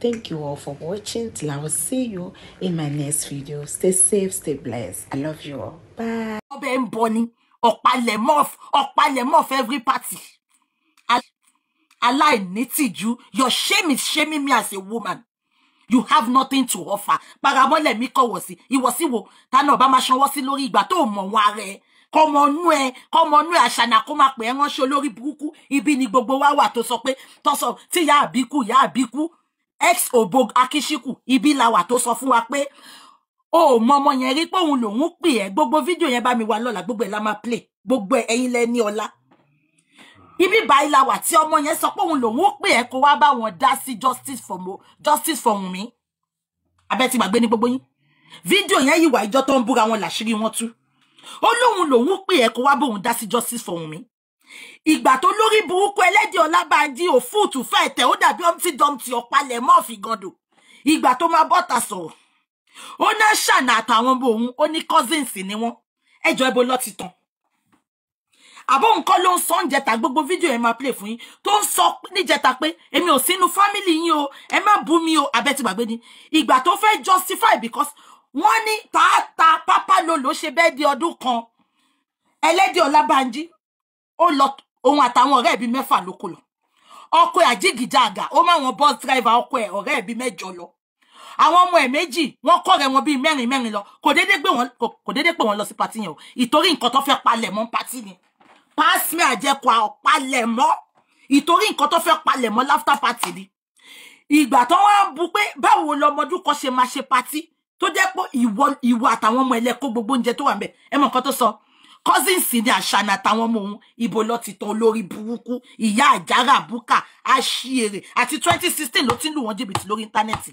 Thank you all for watching. Till I will see you in my next video. Stay safe, stay blessed. I love you all. Bye. Ọbẹ̀ ń bọ̀ ni ọ̀pálẹ̀mọ́ ọ̀pálẹ̀mọ́ every party. Aláìnítìjú, your shame is shaming me as a woman. You have nothing to offer. Paramọ́lẹ̀ mi kọ̀ wọ̀ sí, ìwọ̀ sí wo, tánà ọba máa ṣanwọ́ sí lórí ìgbà tó mọ̀ wọn ara ẹ̀ kọmọ nú ẹ kọmọ nú ẹ àṣànà kó máa pè é ránṣẹ́ olórí burúkú wa wà tó sọ pé tọsọ tí ìyá ex obog akishiku ibi làwà tó sọ fún wa pé o mọ ọmọ yẹn rí pé òun lòun pè gbogbo fídíò yẹn bá mi wà lọ́la gbogbo la máa play gbogbo ẹ̀ ẹ̀yin lẹ ní ibi báyìí làwà tí ọmọ yẹn sọ pé òun lòun pè ẹ kó wá bá wọn dá sí justice for mo justice for Wunmi abẹ́ ti gbàgbé ní gbogbo yín fídíò yẹn yìí wà ìjọ tó ń búra wọn làṣírí wọn tú ó lóun lòun pè ẹ kó wá bóun dá sí justice for Wunmi ìgbà tó lórí burúkú ẹlẹ́dìí ọlábàájí òfúùtù fẹ́ tẹ̀ ó dàbí ọmtí dọ́mtì ọ̀pálẹ̀ mọ́ ọ̀fìgàndò ìgbà tó máa bọ́ta sọ̀rọ̀ ó náà ṣànà àtàwọn ọmọ òun ó ní cousins ni wọ́n ẹjọ́ ẹbọ lọ ti tán àbọ̀ nǹkan ló ń sọ níjẹta gbogbo fídíò yẹn máa play fún yín tó ń sọ níjẹta pé èmi ò sínú fámìlì yín o ẹ má bú mi o abẹ́tí gbàgbé ni ìgbà tó fẹ́ justify because wọ́n ní tààtà pápá ló ló ṣe bẹ́ẹ̀ di ọdún kan ẹlẹ́dìí ọlábàájí ó lọ òun àtàwọn ọ̀rẹ́ ẹ̀ bíi mẹ́fà ló kó lọ ọkọ ẹ̀ àjìgìjàgà ó má wọn bus driver ọkọ ẹ̀ ọ̀rẹ́ ẹ̀ mẹ́jọ lọ àwọn ọmọ ẹ̀ méjì wọ́n kọ̀rẹ́ wọn bíi mẹ́rin mẹ́rin lọ kò déédéé pé wọ́n kò déédéé pé wọ́n lọ sí pàtí yẹn o ìtorí nǹkan tó fẹ́ palẹ̀ mọ́ pàtí ni pásímì àjẹkọ àpalẹ̀ mọ́ ìtorí nǹkan tó fẹ́ palẹ̀ mọ́ láftà pàtí ni ìgbà tó wá ń bu pé báwo lọmọdún kan ṣe máa ṣe pàtí tó jẹ́ pé ìwọ ìwọ àtàwọn ọmọ ẹlẹ́kọ́ gbogbo oúnjẹ tó wà ń bẹ̀ ẹ mọ̀ nǹkan tó sọ cousins ni àṣàna àtàwọn ọmọ òun ibo lọ ti tan olórí burúkú ìyá àjàrà àbúkà àṣìírè àti twenty sixteen ló ti ń lù wọ́n jìbìtì lórí íńtánẹ́ẹ̀tì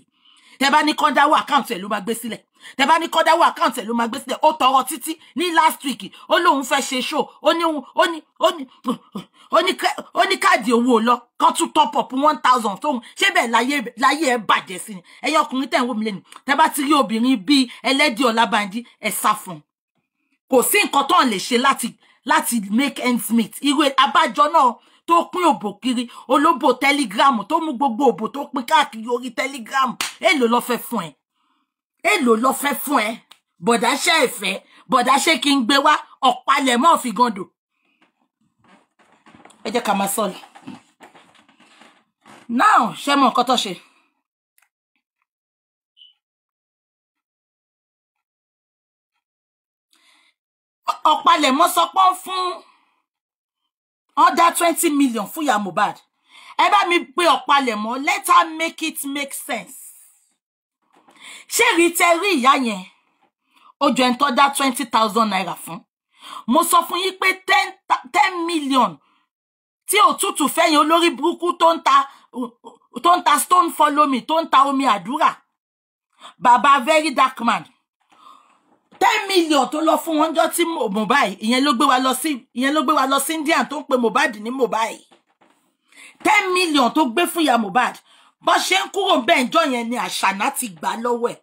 tẹ bá ní kọ́ńdáwó àkáǹtì ẹ̀ ló máa gbé sílẹ̀ tẹ bá ní kọ́ńdáwó àkáǹtì ẹ̀ ló máa gbé sílẹ̀ ó tọrọ títí ní last week ó lóun fẹ́ ṣe show ó ní ó ní káàdì owó lọ kan tún top up one thousand tóun ṣé bẹ́ẹ̀ láyé láyé ẹ̀ bàjẹ́ sí ni ẹ̀yin ọkùnrin tẹ̀ ń wò mí lẹ́nu tẹ bá ti rí obìnrin bíi ẹlẹ́dì ọ̀làbànjí ẹ̀ sá fún un kò sí nǹkan tó ń lè ṣe láti láti make ends meet irú abájọ náà tó pín òbò kiri olóbò telegram tó mú gbogbo òbò tó pín káàkiri orí telegram èlò ló fẹ́ fún ẹ èlò ló fẹ́ fún ẹ bọ̀dá ṣe ẹ̀fẹ́ bọ̀dá ṣe kí n gbé wá ọ̀pálẹ̀ mọ́ fi gàndò ẹ jẹ́ ká máa sọ now ṣe mọ nǹkan tó ṣe. ọ̀pálẹ̀mọ́ sọ pé ó fún ọ̀dà twenty million fún ìyá Mohbad ẹ bá mi pe ọ̀pálẹ̀mọ́ let her make it make sense ṣé rí tẹ rí ìyá yẹn ó jọ ẹni tó twenty thousand naira fún mo sọ fún yín pé ten ten million tí òtútù fẹ́yìn olórí burúkú tó ń ta tó ń ta stone follow me tó ń ta omi àdúrà bàbá very dark man ten million tó lọ fún wọn jọ tí Mohbad ìyẹn ló gbé wa lọ sí ìyẹn ló gbé wa lọ sí India tó ń pe Mohbad ní Mohbad ten million tó gbé fún ìyá Mohbad bó ṣe ń kúrò bẹ́ẹ̀ ń jọ yẹn ni àṣànà ti gbà lọ́wọ́ ẹ̀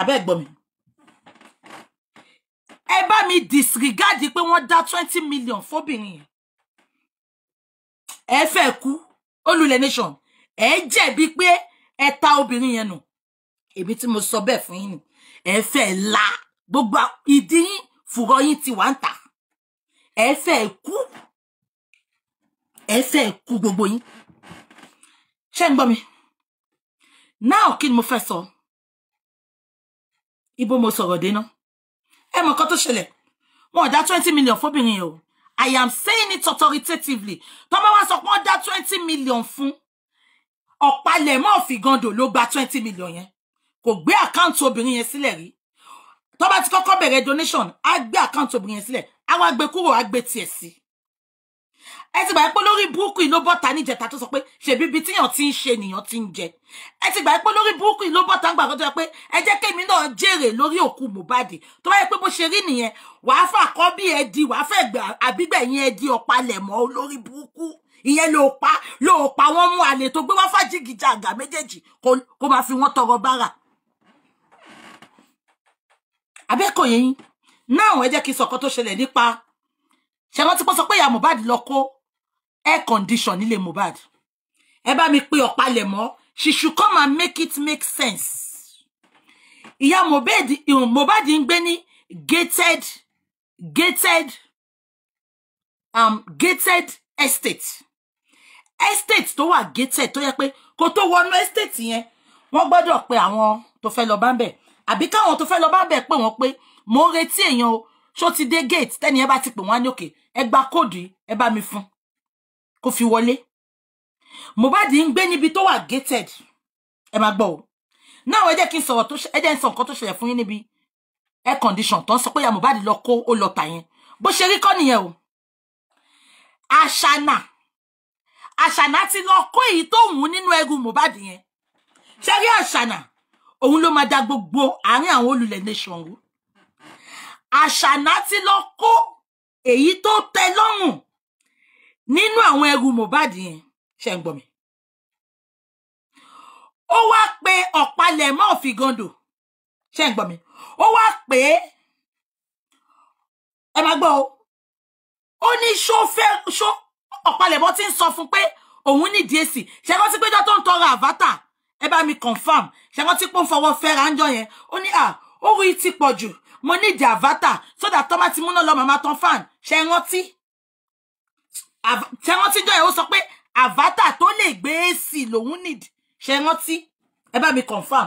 abẹ́ gbọ́ mi ẹ bá mi disregard pé wọ́n dá twenty million fóbìnrin yẹn ẹ fẹ́ kú olùlẹ̀ nation ẹ jẹ̀bi pé ẹ ta obìnrin yẹn nù èmi tí mo sọ bẹ́ẹ̀ fún yín ni ẹ fẹ́ la gbogbo ìdí fùrọ̀ yín ti wà ń tà ẹ fẹ́ kú ẹ fẹ́ kú gbogbo yín ṣé ń gbọ́ mi now kí ni mo fẹ́ sọ ibo mo sọ̀rọ̀ dé náà ẹ mọ̀ kan tó ṣẹlẹ̀ wọn dá twenty million fóbìnrin yẹn o I am saying it authoritatively tó wa wá sọ pé wọ́n dá twenty million fún ọ̀pálẹ̀mọ́ ọ̀fìgàndò ló gba twenty million yẹn kò gbé àkáǹtì obìnrin yẹn sílẹ̀ rí tó bá ti kọ́kọ́ bẹ̀rẹ̀ donation á gbé àkáǹtì obìnrin yẹn sílẹ̀ á wá gbé kúrò á gbé tiẹ̀ sí ẹ ti gbà pé lórí burúkú ló bọ́ta níjẹta tó sọ pé ṣèbí ibi tíyàn ti ń ṣe nìyàn ti ń jẹ ẹ ti gbà pé lórí burúkú ló bọ́ta ń gbà kó tó yẹ pé ẹ jẹ́ kémi náà jèrè lórí òkú Mohbad tó bá yẹ pé bó ṣe rí nìyẹn wàá fà kọ́ bí ẹ di wàá fẹ́ gbà àbígbẹ̀ yẹn ẹ di ọ̀palẹ̀mọ́ lórí burúkú ìyẹn ló pa ló pa wọ́n mú àlè tó gbé wá fàjìgìjà àgà méjèèjì kó máa fi wọ́n tọrọ bára abẹ́kọ̀ yẹn yín náà ẹ jẹ́ kí n sọ̀kan tó ṣẹlẹ̀ nípa ṣe wọ́n ti pọ́ sọ pé ìyá Mohbad lọ kó air condition nílé Mohbad ẹ bá mi pe ọ̀pálẹ̀ mọ́ she should come and make it make sense ìyá Mohbad Mohbad ń gbé ní gated gated um, gated estate estate tó wà gated tó yẹ pé kó tó wọnú estate yẹn wọ́n gbọ́dọ̀ pe àwọn tó fẹ́ lọ bá ń bẹ̀ àbí káwọn tó fẹ́ lọ bá bẹ̀ pé wọ́n pé mò ń retí èèyàn o ṣó ti dé gate tẹ́ni ẹ bá ti pè wọ́n á ní òkè ẹ gba kóòdù ẹ bá mi fún kó fi wọlé Mohbad ń gbé níbi tó wà gated ẹ máa gbọ́ o náà ẹ jẹ́ kí n sọ̀rọ̀ tó ẹ jẹ́ n sọ nǹkan tó ṣẹlẹ̀ fún yín níbi air condition tó ń sọ pé ìyá Mohbad lọ kó ó lọ tà yẹn bó ṣe rí kọ́ nìyẹn o àṣànà àṣànà ti lọ kó èyí tó wù ú nínú ẹrù Mohbad yẹn ṣe rí àṣànà òun ló máa da gbogbo àárín àwọn olùlẹ̀ nation rú àṣànà ti lọ kó èyí tó tẹ́ lọ́rùn nínú àwọn ẹrù Mohbad yẹn ṣe ń gbọ́ mi ó wá pé ọ̀pálẹ̀mọ́ òfìgandò ṣe ń gbọ́ mi ó wá pé ẹ máa gbọ́ o ó ní ṣó ṣó ọ̀pálẹ̀mọ́ ti ń sọ fún pé òun nídìí èsì ṣe kọ́ sí pé jọ́ tó ń tọrọ àvátà ẹ bá mi confam ṣẹ̀wọ́n tí pò ń fọwọ́ fẹ́ ra ń jọ yẹn ó ní à owó yìí ti pọ̀ jù mo ní ìjà àvátà sódà tọ́mà ti múná lọ màmá tán fan ṣẹ̀wọ́n tí ṣẹ̀wọ́n tí jọ yẹn ó sọ pé àvátà tó lè gbé èsì need. nìd ṣẹ̀wọ́n tí ẹ bá mi confam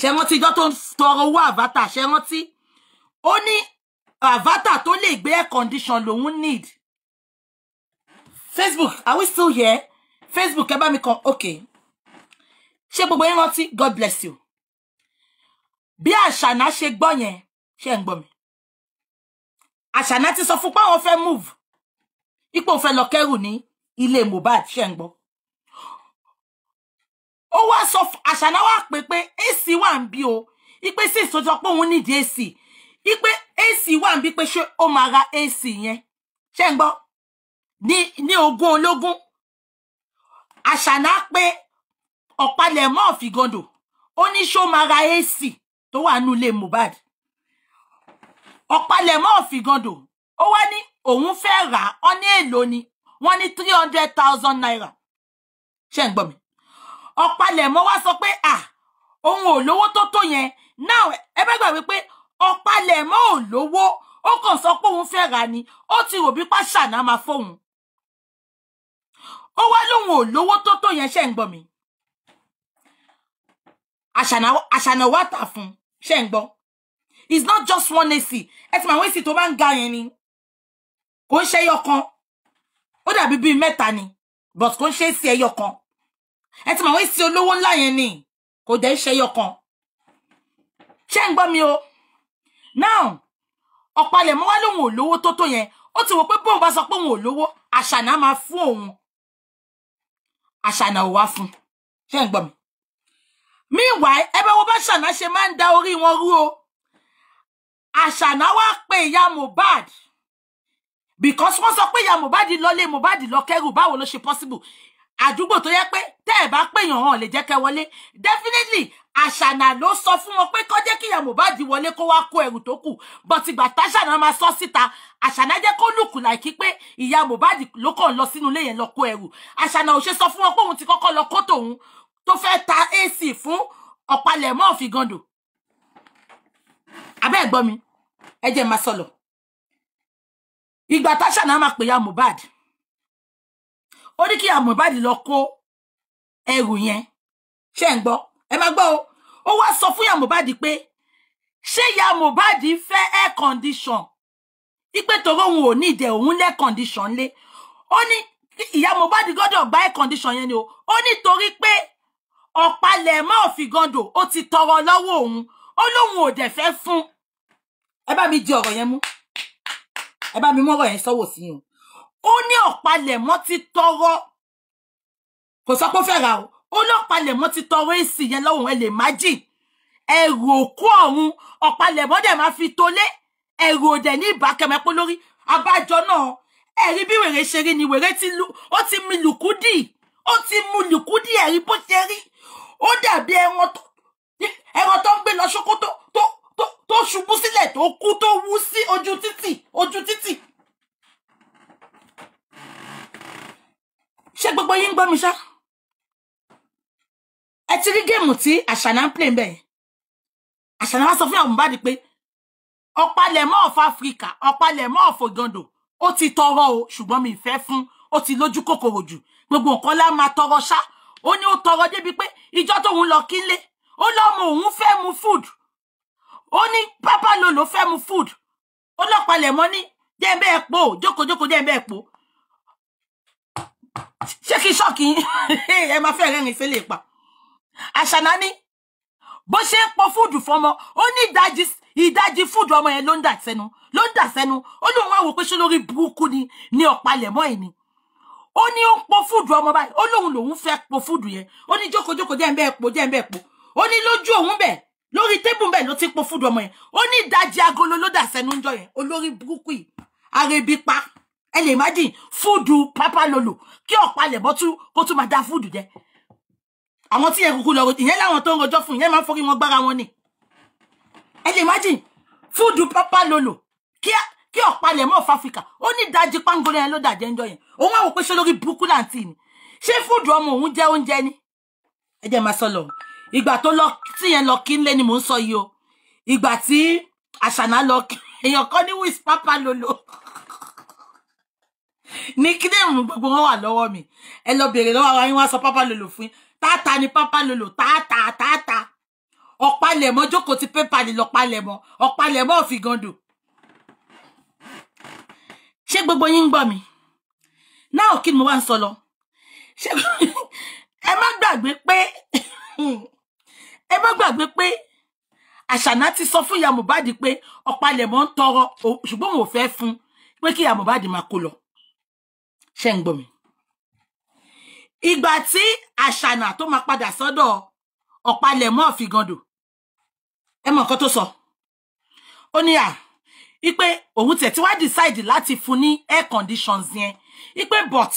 ṣẹ̀wọ́n tí ìjọ tó ń tọrọ owó àvátà ṣẹ̀wọ́n tí ó ní àvátà tó lè gbé air condition lòún nìd Facebook are we still here Facebook ẹ bá mi kàn okay ṣé gbogbo yín rántí god bless you bí àṣànà ṣe gbọ́ yẹn ṣe ń gbọ́ mi àṣànà ti sọ fún páwọn fẹ́ move ipò fẹ́ lọ kẹ́rù ní ilé Mohbad ṣe ń gbọ́ ó wá sọ àṣànà wá pé pé ac wà ń bí o ipe sì tó sọ pé òun nídìí ac ipe ac wà ń bí pé ṣé ó máa ra ac yẹn ṣe ń gbọ́ ní ogún ológun àṣànà pé ọ̀pálẹ̀mọ́ ọ̀fìgandò ó ní ṣó máa ra ac tó wà nínú ilé Mohbad ọ̀pálẹ̀mọ́ ọ̀fìgandò ó wá ní òun fẹ́ rà á ọ́ ní èlò ni wọ́n ní three hundred thousand naira ṣé ń gbọ́ mi ọ̀pálẹ̀mọ́ wá sọ pé à òun ò lówó tó tó yẹn náà ẹ bẹ́ẹ̀ gbà wípé ọ̀pálẹ̀mọ́ ò lówó ó kàn sọ pé òun fẹ́ rà ni ó ti rò bí pàṣà náà máa fóun ó wá lóun ò lówó tó tó yẹn ṣé ń gbọ́ mi àṣànà wà tà fún ṣe ń gbọ́ it's not just one ac ẹ ti mọ àwọn ac tó bá ń ga yẹn ni kò ń ṣe ẹyọ kan ó dàbí bíi ni but kò ń ṣe ac ẹyọ kan ẹ ti mọ àwọn ac olówó ńlá yẹn ni kò dẹ̀ ń ṣe ẹyọ kan mi o now ọ̀pálẹ̀mọ́ wá lóun ò lówó tó tó yẹn ó ti wò pé bóun bá sọ pé òun ò lówó àṣànà máa fún òun àṣànà ò wá fún ṣe mi meanwhile ẹ bá wo bá ṣàná ṣe máa ń da orí wọn rú o àṣàná wá pé ìyá Mohbad because wọ́n sọ pé ìyá Mohbad lọlé Mohbad lọ kẹ́rù báwo ló ṣe possible àdúgbò tó yẹ pé tẹ́ ẹ̀ bá pèèyàn hàn lè jẹ́ kẹ́ wọlé definitely àṣànà ló sọ fún wọn pé kó jẹ́ kí ìyá Mohbad wọlé kó wá kó ẹrù tó kù but ìgbà táṣànà máa sọ síta àṣànà jẹ́ kó lùkù láìkí pé ìyá Mohbad ló kàn lọ sínú ilé yẹn lọ kó ẹrù àṣànà ò ṣe sọ fún wọn pé òun ti kọ́kọ́ lọ kó tòun tó fẹ́ ta AC fún ọ̀pálẹ̀mọ́ ọ̀fìgandò abẹ́ ẹ̀gbọ́n mi ẹ jẹ́ máa sọ̀lọ̀ ìgbà táṣà náà máa pè ya Mohbad ó ní kí ya Mohbad lọ kó ẹrù yẹn ṣe ń gbọ́ ẹ máa gbọ́ o ó wá sọ fún ya Mohbad pé ṣé ya Mohbad fẹ́ air condition ipe tòró òun ò ní ìdẹ òun lẹ condition lé ó ní ìyá Mohbad gbọ́dọ̀ gba air condition yẹn ni o ó nítorí pé ọ̀pálẹ̀mọ́ òfìgandò ó ti tọrọ lọ́wọ́ òun ó lóun ò dẹ̀ fẹ́ fún ẹ bá mi di ọ̀rọ̀ yẹn mú ẹ bá mi mú ọ̀rọ̀ yẹn sọ́wọ́ sí yẹn ó ní ọ̀pálẹ̀mọ́ ti tọrọ kò sọ pé ó fẹ́ ra o ó ní ọ̀pálẹ̀mọ́ ti tọrọ èsì yẹn lọ́wọ́ ẹ lè má jì ẹrù òkú ọ̀run ọ̀pálẹ̀mọ́ dẹ̀ máa fi tolé ẹrù òdẹ̀ ní ìbákẹ́mẹ́pọ́ lórí abájọ náà ẹ̀rí bí wèrè ṣe rí ni wèrè ti lu ó ti mi lùkúdì ó ti mu lùkúdì ẹ̀rí bó ṣe rí ó dàbí ẹran tó ẹran tó ń gbé lọ ṣókótó tó tó tó ṣubú sílẹ̀ tó kú tó wú sí ojú títì ojú títì. ṣé gbogbo yín ń gbọ́ mi ṣá ẹ ti rí géèmù tí àṣànà ń pè ń bẹ̀yẹn àṣànà wá sọ fún àwọn Mohbad pé ọ̀pálẹ̀mọ́ of Africa ọ̀pálẹ̀mọ́ of Ogando ó ti tọrọ o ṣùgbọ́n mi ì fún ó ti lójú kòkòrò jù gbogbo nǹkan lá máa tọrọ ṣá ó ní ó tọrọ débi pé ìjọ tóun lọ kílé ó lọ́mọ òun fẹ́ mu food ó ní pápá lòlò fẹ́ mu food ó lọ́pàlẹ̀ mọ́ ní dẹ́ẹ̀bẹ́ epo jókòjókò dẹ́ẹ̀bẹ́ epo ṣé kí ṣọ́ọ̀kì ẹ máa fẹ́ rẹ́rìn sí lè pa àṣànà ní bó ṣe ń pọ fúdù fọmọ ó ní ìdajì ìdajì fúdù ọmọ yẹn ló ń dà sẹ́nu ló ń dà sẹ́nu ó lóun wá wò pé ṣé lórí burúkú ni ní ọ̀pálẹ̀mọ́ ẹ̀ ni ó ní ó ń po fúdù ọmọ báyìí ó lóun lòun fẹ́ po fúdù yẹn ó ní jókòjókò jẹ́ ń bẹ́ẹ̀ po jẹ́ ń bẹ́ẹ̀ po ó ní lójú òun bẹ́ẹ̀ lórí tébù bẹ́ẹ̀ ló ti po fúdù ọmọ yẹn ó ní ìdajì agolo ló dà sẹ́nu ńjọ yẹn olórí burúkú yìí arebi pa ẹ lè imagine fúdù pápá lolo kí ọ̀pá lẹ̀ bọ́ tú kó tún máa da fúdù jẹ àwọn tí yẹn kúkú lọ ìyẹn láwọn tó ń rojọ́ fún ìyẹn máa ń forí wọn gbára wọn ni ẹ lè imagine fúdù pápá lolo kí kí ọ̀pálẹ̀ mọ́ ọ̀fà áfíríkà ó ní ìdajì pangolo yẹn ló dàjẹ́ ń jọ yẹn òun àwọn òpèsè lórí burúkú láǹtì ni ṣé fúdù ọmọ òun jẹ́ oúnjẹ ni ẹ jẹ́ máa sọ lọ ìgbà tó lọ tí yẹn lọ kí nlé ni mò ń sọ yìí o ìgbà tí àṣànà lọ kí èèyàn kan ní wíṣ pápá lolo ní kíndéèmù gbogbo wọn wà lọ́wọ́ mi ẹ lọ bèrè lọ́wọ́ àwọn wá sọ pápá lolo fún yín táàtà ni pápá lolo táàtà táàtà ọ̀pálẹ̀mọ́ jókòó ti pépà nílọ̀pálẹ̀mọ́ ọ̀pálẹ̀mọ́ òfìgàndò ṣé gbogbo yín ń gbọ́ mi náà kí ni mo wá ń sọ lọ ṣé ẹ má gbàgbé pé ẹ má gbàgbé pé àṣànà ti sọ fún ìyá Mohbad pé ọ̀pálẹ̀mọ́ ń tọrọ ṣùgbọ́n òun fẹ́ fún pé kí ìyá Mohbad máa kó lọ ṣé ń gbọ́ mi ìgbà tí àṣànà tó máa padà sọ́dọ̀ ọ̀pálẹ̀mọ́ ọ̀fìgàndò ẹ mọ̀ nǹkan tó sọ ó ní à ipe òun tẹ̀ tí wá decide láti fún ní air conditions yẹn ipe but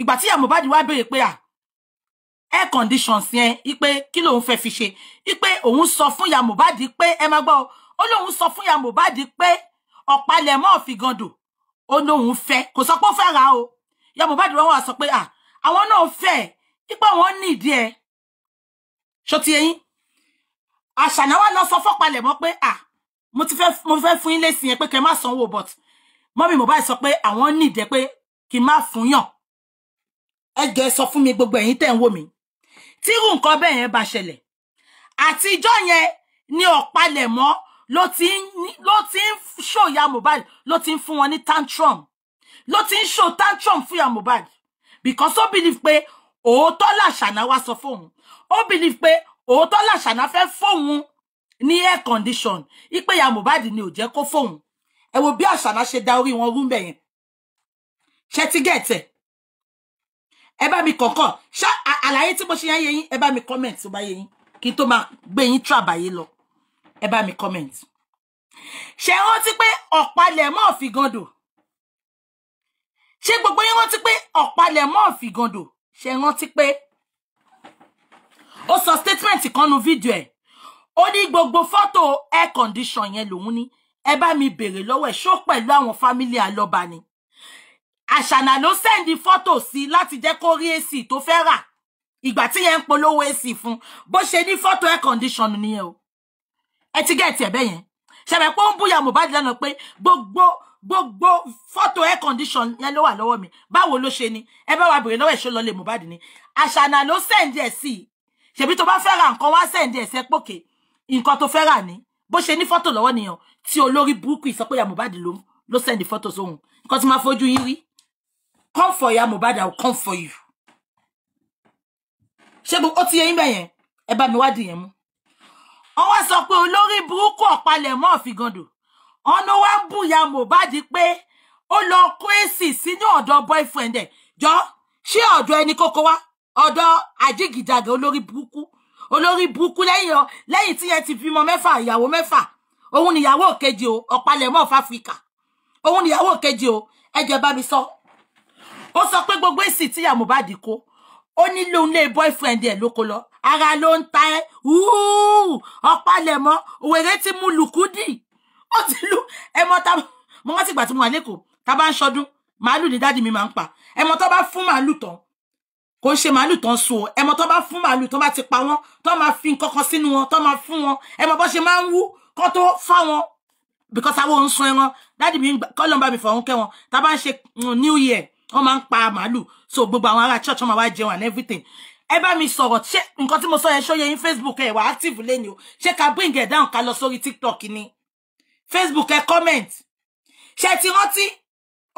ìgbà tí ìyá Mohbad wá béèrè pé à ah, air conditions yẹn ipe kí lòun fẹ́ fi ṣe ipe òun sọ fún ìyá Mohbad pé ẹ má gbọ́ ó lóun sọ fún ìyá Mohbad pé ọ̀pálẹ̀mọ́ ọ̀fìgàndò ó lóun fẹ́ kò sọ pé ó fẹ́ ra o ìyá Mohbad wọn wà sọ pé à ah, àwọn náà fẹ́ ipa wọn nídìí ẹ ṣó ti eyín àṣànáwá lọ sọ fọ́palẹ̀mọ́ pé à ah, mo ti fẹ́ mo fẹ́ fún yín lésì yẹn pé kẹ́ má sanwó but mọ́mí Mohbad sọ pé àwọn nìdẹ́ pé kí n má fún yàn ẹ jẹ́ sọ fún mi gbogbo ẹ̀yin tẹ́ ń wò mí tí irú nǹkan bẹ́ẹ̀ yẹn bá ṣẹlẹ̀ àtijọ́ yẹn ni ọ̀pálẹ̀mọ́ ló ti ló ti ń ṣòya Mohbad ló ti ń fún wọn ní tantrum ló ti ń tantrum fún ya Mohbad because ó believe pé òótọ́ làṣàna wa sọ fóun ó believe pé òótọ́ làṣàna fẹ́ fóun ní air condition ipe ya Mohbad ni ò jẹ́ kó fóun ẹ wo bí àṣàlá ṣe da orí wọn rú yẹn ṣe ti gẹ̀ẹ́tẹ̀ ẹ bá mi kọ̀ọ̀kan ṣá àlàyé tí mo ṣe yẹn yẹyìn ẹ bá mi comment tó bá yẹyìn kí n tó máa gbé yín tràbàyé lọ ẹ bá mi comment ṣe rántí pé ọ̀pálẹ̀ mọ́ ọ̀fìgàndò ṣé gbogbo yín rántí pé ọ̀pálẹ̀ mọ́ ọ̀fìgàndò ṣe rántí pé ó sọ statement kan nu fídíò ẹ̀ ó ní gbogbo fọ́tò air condition yẹn lòun ní ẹ bá mi béèrè lọ́wọ́ ẹ̀ ṣó pẹ̀lú àwọn fámílì alọ́ba ni àṣànà ló sẹ́ndí fọ́tò sí láti jẹ́ kó rí èsì tó fẹ́ rà ìgbà tí yẹn ń polówó èsì fún bó ṣe ní fọ́tò air condition nìyẹn o ẹ ti gẹ̀ẹ́tì ẹ̀bẹ́ yẹn ṣẹ̀bẹ̀ pé ó ń búyà Mohbad lẹ́nu pé gbogbo gbogbo fọ́tò air condition yẹn ló wà lọ́wọ́ mi báwo ló ṣe ni ẹ bá wa béèrè lọ́wọ́ ẹ̀ ṣó lọ lè Mohbad ni àṣànà ló sẹ́ndí ẹ̀ sí ṣèbí tó bá fẹ́ ra nǹkan wá sẹ́ndí ẹ̀ sẹ́pọ̀kẹ́ nǹkan tó fẹ́ rà ní bó ṣe ní fọ́tò lọ́wọ́ nìyẹn tí olórí burúkú yìí sọ pé ìyá Mohbad ló ló sẹ́ndì fọ́tò sóhun nǹkan tí máa fojú yín rí come for ya Mohbad I will come for you. ṣé o ti yẹ yín bẹ́yẹn ẹ bá mi wádìí yẹn mú. ọwọ́ sọ pé olórí burúkú ọ̀pálẹ̀ mọ́ ọ̀fìgàndò ọ̀nà wa ń bú ìyá Mohbad pé ó lọ kó èsì sínú ọ̀dọ̀ boyfriend ẹ̀ jọ ṣé ọ̀dọ̀ ẹni kókó wá ọ̀dọ̀ àjìgìdàgẹ̀ olórí burúkú olórí burúkú lẹ́yìn lẹ́yìn tí yẹn ti bímọ mẹ́fà ìyàwó mẹ́fà òun níyàwó kejì o ọ̀pálẹ̀mọ́ of Africa òun níyàwó kejì o ẹjẹ bá mi sọ ó sọ pé gbogbo èsì tíyà Mohbad kó ó nílò ilé boyfriend ẹ̀ ló kó lọ ara ló ń ta ẹ́ ọ̀pálẹ̀mọ́ wèrè ti mú lùkúdì ó ti lù ẹmọ ta mo wá sí ìgbà tí mo wà lẹ́kọ̀ọ́ ta bá ń ṣọdún màálù ní dáàdi mi máa ń pa ẹmọ tó bá fún màálù tán kò ń ṣe màálù tán sun o ẹmọ tán bá fún màálù tán bá ti pa wọn tán máa fi nǹkan kan sínú wọn tán máa fún wọn ẹmọ bó ṣe máa ń wú kán tó fá wọn because àwọn ń sun ẹran dáàdì mi kọ́lọ́n bá mi fọ̀hún kẹ́ wọn tá a bá ń ṣe mm, new year wọ́n máa ń pa màálù so gbogbo àwọn ará church wọn máa wá jẹun and everything ẹ bá mi sọ̀rọ̀ ṣé nǹkan tí mo sọ yẹn ṣó yín facebook ẹ wà active lẹ́ni o ṣé ká bring ẹ̀ down ká lọ sórí tiktok ni facebook ẹ comment ṣé ti rántí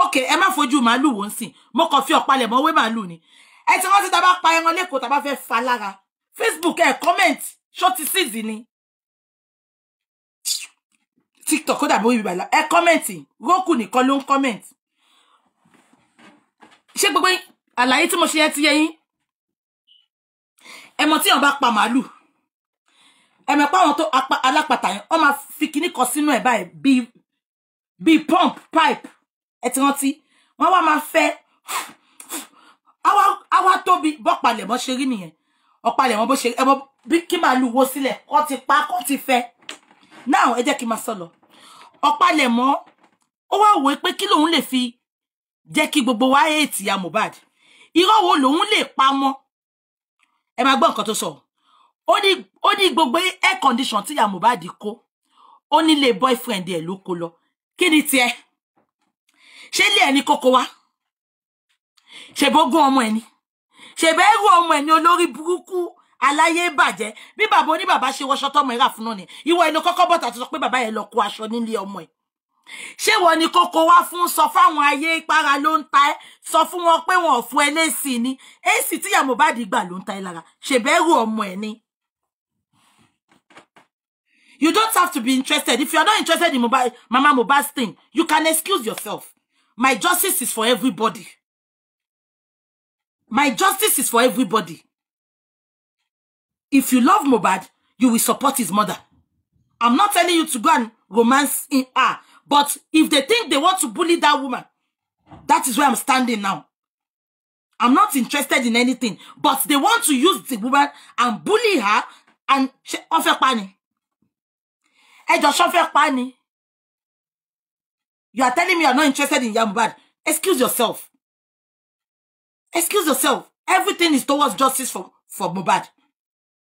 ok ẹ má fojú màálù wò ń sìn mo kàn fi ọ̀pálẹ̀ mọ́ wé màálù ni ẹ ti rántí tá a bá pa ẹran lẹ́kọ̀ọ́ tá a bá lára facebook ẹ comment ṣọ́ọ̀tì síìzì ni tiktok kó dàbí orí ìbàlá ẹ comment roku nìkan ló ń comment ṣé gbogbo àlàyé tí mo ṣe yẹn ti yẹ yín ẹmọ tí wọn bá pa màálù ẹmọ pa àwọn tó alápàtà yẹn wọn máa fi kíní kan sínú ẹ báyìí bíi pump pipe ẹ ti rántí wọn wá máa fẹ́ Awa, àwa tóbi bọ́palẹ̀mọ́ pale mo nìyẹn ọ̀palẹ̀mọ́ bó ṣe ẹmọ bí kí màálù wo sílẹ̀ kọ́ ti pa kọ́ ti fẹ́ náà ẹ jẹ́ kí máa sọ lọ ọ̀palẹ̀mọ́ ó wá wòó pé kí lòun lè fi jẹ́ kí gbogbo wa èètì ya Mohbad Iro wo lòun lè pa mọ́ ẹ máa gbọ́ nǹkan tó sọ ó ní gbogbo air condition tí ya Mohbad kó ó nílé boyfriend ẹ̀ ló kó lọ kí ni tiẹ̀ ṣé ilé ẹni kókó wa ṣèbógún ọmọ ẹ ṣèbẹ́rù ọmọ ẹ olórí burúkú aláyé bàjẹ́ bí bàbá oní ṣe wọṣọ tọmọ ẹ fún náà ni ìwọ ẹni kọ́kọ́ bọ̀tà tó pé bàbá yẹn lọ kó aṣọ nílé ọmọ ẹ ṣé wọn ni kókó wá fún sọ fáwọn ayé ìpara ló ń ta ẹ sọ fún wọn pé wọn ò fún ẹ lẹ́sìn ni èsì tíyà Mohbad gbà ló ń ta ẹ lára ṣèbẹ́rù ọmọ ẹ ni. You don't have to be interested. If you are not interested in Mohbad, Mama Mohbad's thing, you can excuse yourself. My justice is for everybody. My justice is for everybody. If you love Mohbad, you will support his mother. I'm not telling you to go and romance in her. But if they think they want to bully that woman, that is where I'm standing now. I'm not interested in anything. But they want to use the woman and bully her and she offer pani. Ẹ jọ̀ọ́ offer fẹ́ pani. You are telling me you're not interested in Mohbad. Excuse yourself. Excuse yourself. Everything is towards justice for, for Mubad,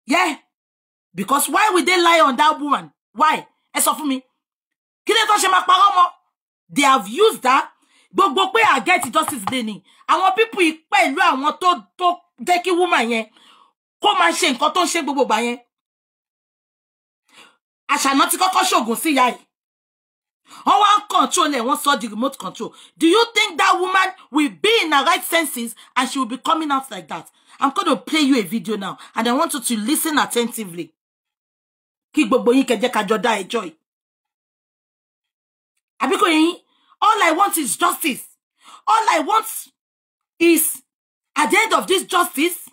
Yeah. Because why would they lie on that woman? Why? Ẹ for me, mi. Kí ló They have used that. but Gbogbo pé I get justice dé ni. Àwọn pípù pẹ̀lú àwọn tó tó jẹ́ kí woman yẹn kó máa ṣe nǹkan tó ń ṣe gbogbo gbà yẹn. Àṣànà ti kọ́kọ́ ṣògùn sí ìyá yìí wọ́n wá control ẹ̀ wọ́n sọ the remote control do you think that woman will be in her right senses and she will be coming out like that i'm going to play you a video now and i want you to listen attentively kí gbogbo yín kẹjẹ kájọ dá all i want is justice all i want is at the end of this justice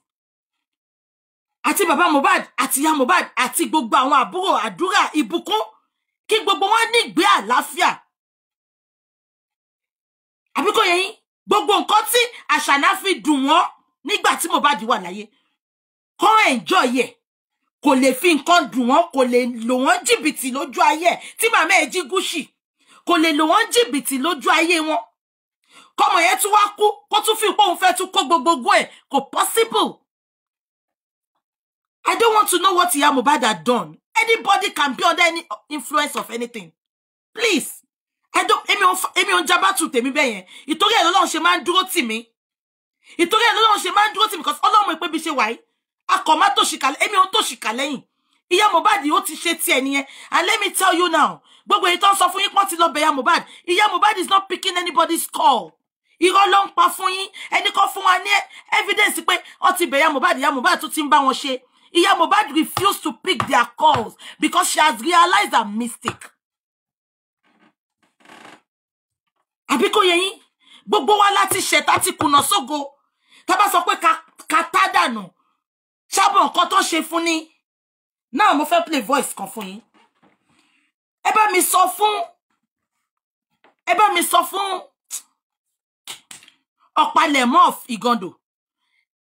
ati baba Mohbad ati ya Mohbad ati gbogbo àwọn àbúrò àdúrà ìbùkún kí gbogbo wọn nígbé àlàáfíà àbí kò yẹ gbogbo nǹkan tí àṣànà fi dùn wọn nígbà tí Mohbad wà láyé kọ́ ẹ̀jọ́ yẹ kò lè fi nǹkan dùn wọn kò lè lò wọn jìbìtì lójú ayé ẹ tí màmá ẹ jí gúúsì kò lè lò wọn jìbìtì lójú ayé wọn kọmọ yẹn tún wá kú kó tún fi pé òun fẹ́ tún kó gbogbogbò ẹ kò possible I don't want to know what ìyá Mohbad had done anybody can be under any uh, influence of anything please I don't. èmi on. èmi on ń jábàtú tèmi bẹ́ẹ̀ yẹn ìtorí ẹ̀ lọ́lọ́run ṣe máa ń dúró tì mí ìtorí ẹ̀ lọ́lọ́run ṣe máa ń dúró tì mí because ọlọ́run pé bí ṣe wáyé to Shikale. tòṣìkà on to Shikale. lẹ́yìn ìyá Mohbad ó ti ṣe tiẹ̀ nìyẹn and let me tell you now gbogbo èyí tó ń sọ fún yín pọ́n ti lọ bẹ̀yà Mohbad ìyá Mohbad is not picking anybody's call irọ́ ló ń pa fún yín ẹnì kan fún wa ní evidence pé ó ti bẹ̀yà Mohbad ìyá Mohbad tó ti ń bá wọn ṣe Iya Mohbad refused to pick their calls because she has realized her mistake. Abiko kò yé Gbogbo wa láti ṣẹ̀ta ti kùnà sógo. Tá bá sọ pé ká tá dànù. Ṣábọ̀ nǹkan tó ṣe ni. Now mo fẹ́ play voice kan fún yín. Ẹ bá mi sọ fún ẹ bá mi sọ fún Ọ̀pálẹ̀mọ́ of Igando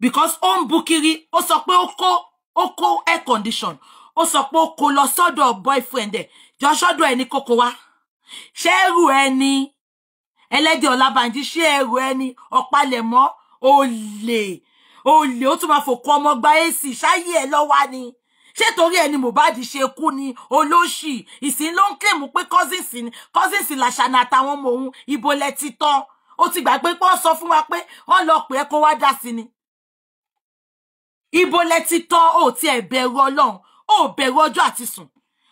because ó ń bukiri ó sọ pé ó kó ó kó air condition ó sọ pé ó kó lọ sọ́dọ̀ boyfriend ẹ̀ jọ sọ́dọ̀ ẹni kókó wá ṣé ẹrù ẹni ẹlẹ́dẹ̀ ọ̀làbànjí ṣé ẹrù ẹni ọ̀pálẹ̀mọ́ olè olè ó tún máa fòkó ọmọ gba èsì ṣáyé ẹ lọ́wọ́ ni ṣé torí ẹni Mohbad ṣe kú ni olóṣì ìsìn ló ń kílèmù pé cousins ni cousins làṣàna àtàwọn ọmọ òun ibo lẹ ti tán ó ti gbà pé pé wọ́n sọ fún wa pé wọ́n lọ pè é kó wá dá sí ni ibo lẹ ti tọ́ ò tí ẹ bẹ̀rù ọlọ́run ò bẹ̀rù ọjọ́ àti sùn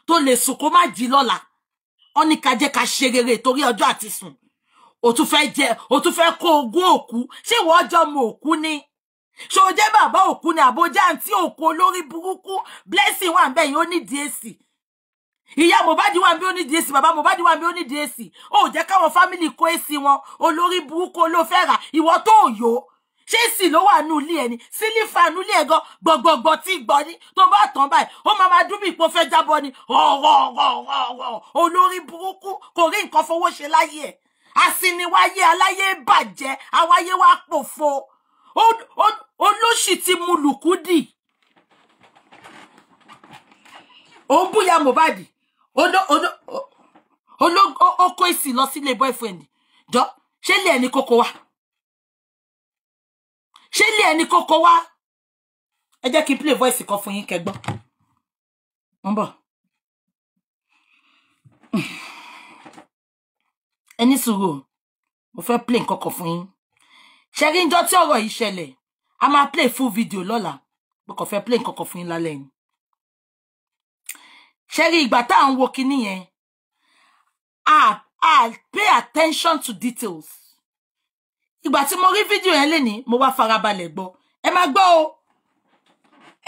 tó lè sùn kó má jí lọ́la wọn ní ká jẹ́ ká ṣe rere torí ọjọ́ àti sùn ò tún fẹ́ jẹ ò tún fẹ́ kó ogún òkú ṣé ìwọ ọjọ́ ọmọ òkú ni ṣé o jẹ́ bàbá òkú ni àbójá àǹtí òkú olórí burúkú blessing wà bẹ́ẹ̀ yìí ó ní DAC ìyá Mohbad wà bí ó ní DAC bàbá Mohbad wà bí ó ní DAC ó jẹ́ káwọn fámìlì kó èsì wọn olórí burúkú olófẹ́ rà ìwọ tó yòó ṣéèsì ló wà nù ilé ẹni sílífà nù ilé ẹgọ gbọgbọgbọ tí gbọ ni tó bá tán báyìí ó máa máa dún bí ipò fẹ́ jábọ́ ni ọ̀rọ̀ọ̀rọ̀ọ̀rọ̀ olórí burúkú kò rí nǹkan fowó ṣe láyé ẹ̀ asiniwáyé aláyé bàjẹ́ awáyé wá pòfo olóṣì ti mu lùkúdì òun búya Mohbad olóko èsì lọ sílé boyfriend jọ ṣé ilé ẹni kókó wa ṣé ilé ẹni kọ́kọ́ wá ẹ jẹ́ kí n play voice kan fún yín kẹgbọ́n mo ń bọ̀ ẹ sùúrù mo fẹ́ play nǹkan kan fún yín ṣe rí njọ́ tí ọ̀rọ̀ yìí ṣẹlẹ̀ a máa play full video lọ́la mo kàn fẹ́ play nǹkan kan fún yín lálẹ́ yìí ṣe rí ìgbà tá à ń wo kinní yẹn ah pay attention to details ìgbà tí mo rí fídíò yẹn lénìí mo wá farabalẹ̀ gbọ́ ẹ máa gbọ́ o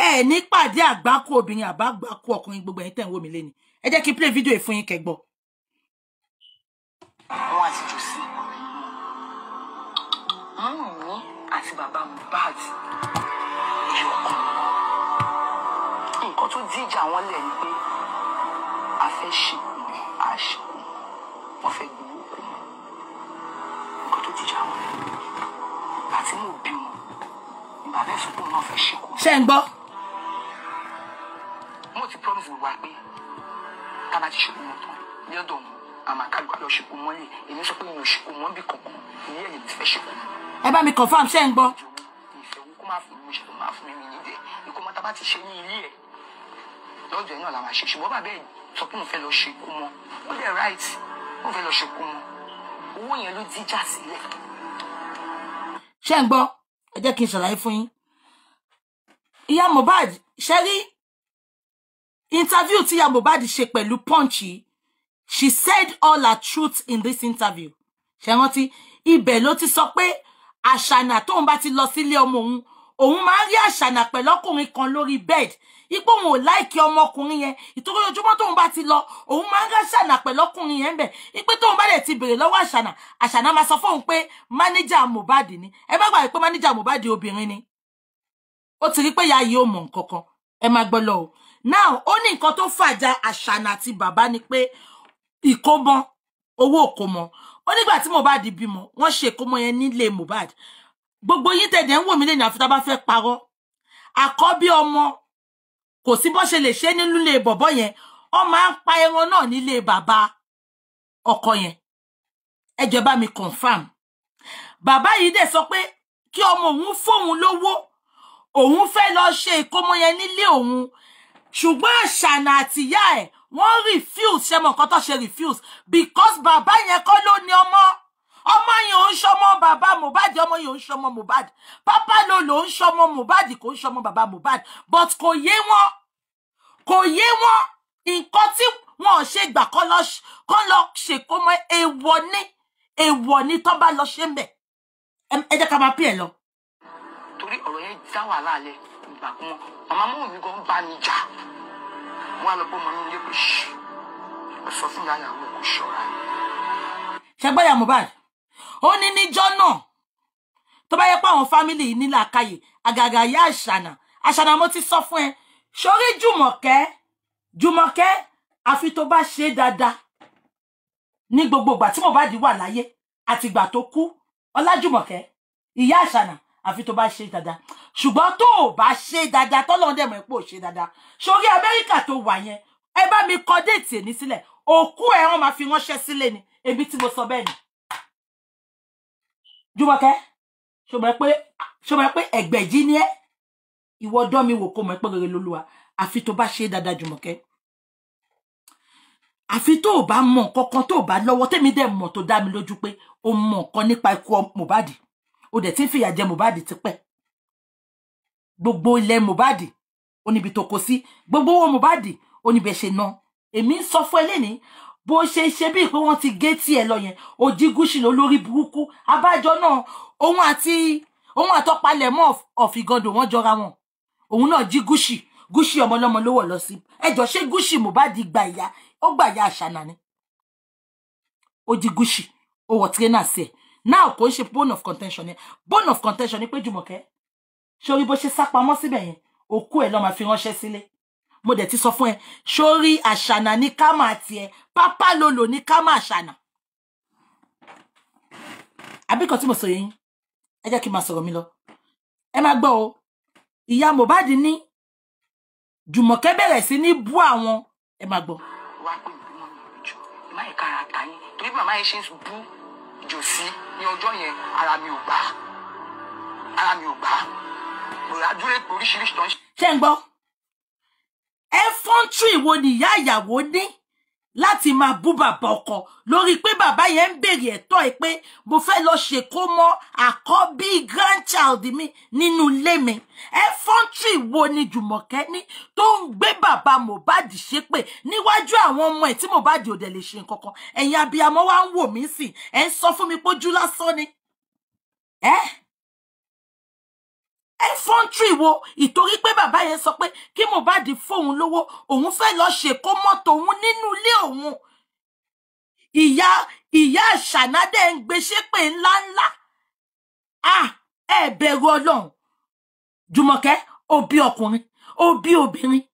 ẹ ní pàdé àgbákò obìnrin àbágbákò ọkùnrin gbogbo ẹ̀yin tẹ̀ ń wò mí lénìí ẹ jẹ́ kí n play fídíò yìí fún yín kẹ́gbọ́. wọn àti jòsí mú mi àti bàbá Mohbad ẹyọ kan nǹkan tó díjà wọn lẹ ni pé a fẹ́ ṣìkú àṣìkú wọn fẹ́ gbé tó ń gbọ́. mo ti promise wa pé tá bá ti ṣekú mọ́ tán ní ọ̀dọ̀ òun àmọ́ kálukú lọ ṣekú mọ́lẹ̀ èmi sọ pé mi ò ṣekú mọ́ bí kankan ìyá ẹ̀yẹ̀ mi fẹ́ ṣekú. ẹ bá mi confam ṣé ń gbọ́. ìfẹ́ òun kó má fún mi ṣe tó má fún mi mi nídẹ̀ẹ́ ìkómọ́ta bá ti ṣe ní ilé ẹ̀ lọ́dọ̀ ẹ̀ náà làwọn àṣẹ ṣùgbọ́n bàbá ẹ̀ sọ pé mo fẹ́ lọ ṣekú mọ́ ó dẹ̀ right mo fẹ́ lọ ṣekú mọ́ owó yẹn ló díjà sílẹ̀. ṣé ń gbọ́ ẹ jẹ́ kí n ṣàlàyé fún yín ìyá Mohbad ṣe rí interview tí ìyá Mohbad ṣe pẹ̀lú punch yìí she said all her truth in this interview ṣe rántí ibẹ̀ ló ti sọ pé àṣànà tóun bá ti lọ sílé ọmọ òun òun máa ń rí àṣànà pẹ̀lú ọkùnrin kan lórí bed ipò òun ò láìkí ọmọkùnrin yẹn ìtorí ojúmọ́ tóun bá ti lọ òun máa ń rán ṣànà pẹ̀lú ọkùnrin yẹn bẹ̀ ipé tóun bá dẹ̀ ti bèrè lọ́wọ́ àṣànà àṣànà máa sọ fóun pé mánéjà Mohbad ni ẹ bá gbà pé mánéjà Mohbad obìnrin ni ó ti rí pé ya yìí ò mọ̀ nǹkan ẹ máa gbọ́ lọ o now ó ní nǹkan tó fàjà àṣànà àti bàbá ni pé ìkómọ owó ìkómọ ó nígbà tí Mohbad bímọ wọ́n ṣe ìkómọ yẹn nílé Mohbad gbogbo yín tẹ̀dẹ̀ ń wò mí lẹ́yìn àfi tá a bá fẹ́ parọ́ àkọ́bí ọmọ kò sí bó ṣe lè ṣe nínú ilé bọ̀bọ́ yẹn ó máa ń pa ẹran náà nílé bàbá ọkọ yẹn ẹjọ bá mi confam bàbá yìí dẹ̀ sọ pé kí ọmọ òun fóun lówó òun fẹ́ lọ ṣe ìkómọ yẹn nílé òun ṣùgbọ́n àṣànà àtìyá ẹ̀ wọ́n refuse ṣe mọ̀ nǹkan tó ṣe refuse because bàbá yẹn kọ́ ló ní ọmọ ọmọ yẹn ò ń ṣọmọ bàbá Mohbad ọmọ yẹn ò ń ṣọmọ Mohbad pápá ló ló ń ṣọmọ Mohbad kò ń ṣọmọ bàbá Mohbad but kò yé wọn kò yé wọn nǹkan tí wọn ò ṣe gbà kán lọ ṣe kó mọ èèwọ̀ ni èèwọ̀ ni tó bá lọ ṣe ń bẹ̀ ẹ jẹ́ ká máa pín ẹ lọ. torí ọ̀rọ̀ yẹn dá wàhálà alẹ́ ìgbà kan màmá mú mi gan bá mi jà wọn á lọ bọ́ ọmọ mi nílé pé ṣì fún yàrá àwọn kò ṣọ́ra. ṣẹgbẹ́ ya Mohbad ó ní níjọ́ náà tó bá yẹ pé àwọn fámìlì yìí nílà káyè àgàgà yá àṣànà àṣànà mo ti sọ fún ẹ sórí jùmọ̀kẹ́ jùmọ̀kẹ́ àfi tó bá ṣe dáadáa ní gbogbo ìgbà tí Mohbad wà láyé àti ìgbà tó kú ọlájùmọ̀kẹ́ ìyá àṣànà àfi tó bá ṣe dáadáa ṣùgbọ́n tó o bá ṣe dáadáa tọ́lọ́run dẹ̀ mọ̀ pé ò ṣe dáadáa sórí amẹ́ríkà tó wà yẹn ẹ bá mi kọ déètì èmi sílẹ̀ òkú ẹ̀ wọ́n máa fi ránṣẹ́ sílé ni èmi tí mo sọ bẹ́ẹ̀ ni Jùmọ̀kẹ́ ṣó mọ̀ pé ṣó mọ̀ pé ẹgbẹ̀jì ni ẹ́ ìwọ ọ̀dọ́ mi wò kó mọ̀ pé rere lolúwa àfi tó bá ṣe dáadáa Jùmọ̀kẹ́ àfi tó o bá mọ̀ kankan tó o bá lọ́wọ́ tẹ́mi dẹ̀ mọ̀ tó dá mi lójú pé o mọ̀ nǹkan nípa ikú Mohbad o dẹ̀ ti ń fìyà jẹ Mohbad tipẹ́ gbogbo ilẹ̀ Mohbad oníbi tó kó sí gbogbo owó Mohbad oníbẹ̀ ṣe ná èmi ń sọ fún ẹ lẹ́ni bó ṣe ṣe bíi pé wọ́n ti gé tiẹ̀ lọ yẹn Òjìgúsì lólórí burúkú abájọ náà òun àti òun àtọpalẹ̀mọ́ ọ̀fìgandò wọ́n jọra wọn òun náà jí Gúsì Gúsì ọmọlọ́mọ ló wọ̀ lọ sí ẹjọ́ ṣé Gúsì Mohbad gba ìyá ó gbà ìyá àṣànà ni ó jí Gúsì ó wọ̀ tírẹ́nà sí ẹ̀ náà kò ń ṣe bone of contention yẹn bone of contention ni pé Jùmọ̀kẹ́ ṣorí bó ṣe sá pamọ́ síbẹ̀ yẹn òkú ẹ̀ ló máa fi ránṣẹ́ sílé mo dẹ̀ ti sọ fún ẹ sórí àṣànà ní ká máa tiẹ̀ pápá lolo ni ká máa ṣànà àbíkan tí mo sọ yẹn ẹ jẹ́ kí n máa sọ̀rọ̀ mi lọ ẹ máa gbọ́ o ìyá Mohbad ní Jùmọ̀kẹ́ bẹ̀rẹ̀ sí ní bú àwọn ẹ máa gbọ́. wàá pè mí mọ́ mi jù ìmá ìka ara ta yín torí bí màmá yẹn ṣe ń bú jòsí ní ọjọ́ yẹn ara mi ò gbà ara mi ò gbà mo rà dúró oríṣiríṣi tó ń ṣe. ṣé ẹfọ́ntì wo nìyá ìyàwó ní láti máa bú bàbá ọkọ lórí pé bàbá yẹn ń béèrè ẹ̀tọ́ ẹ pé mo fẹ́ lọ ṣèkó mọ́ àkọ́bí grandchild mi nínú ilé mi ẹfọ́ntì wo ni Jùmọ̀kẹ́ ní tó ń gbé bàbá Mohbad ṣépè níwájú àwọn ọmọ ẹ̀ tí Mohbad ò dẹ̀ lè ṣe nǹkan kan ẹ̀yin abiyamọ wa ń wò mí sìn ẹ̀ ń sọ fún mi pójú lásán ni eh? ẹfọ́ntì wo ìtorí pé bàbá yẹn sọ pé kí ba di lówó òun fẹ́ lọ ṣèkó mọ́tò òun nínú ilé òun ìyá ìyá àṣànádẹ ń gbéṣépè ńláńlá ẹ bẹ̀rù Ọlọ́run Jùmọ̀kẹ́ òbí ọkùnrin òbí obìnrin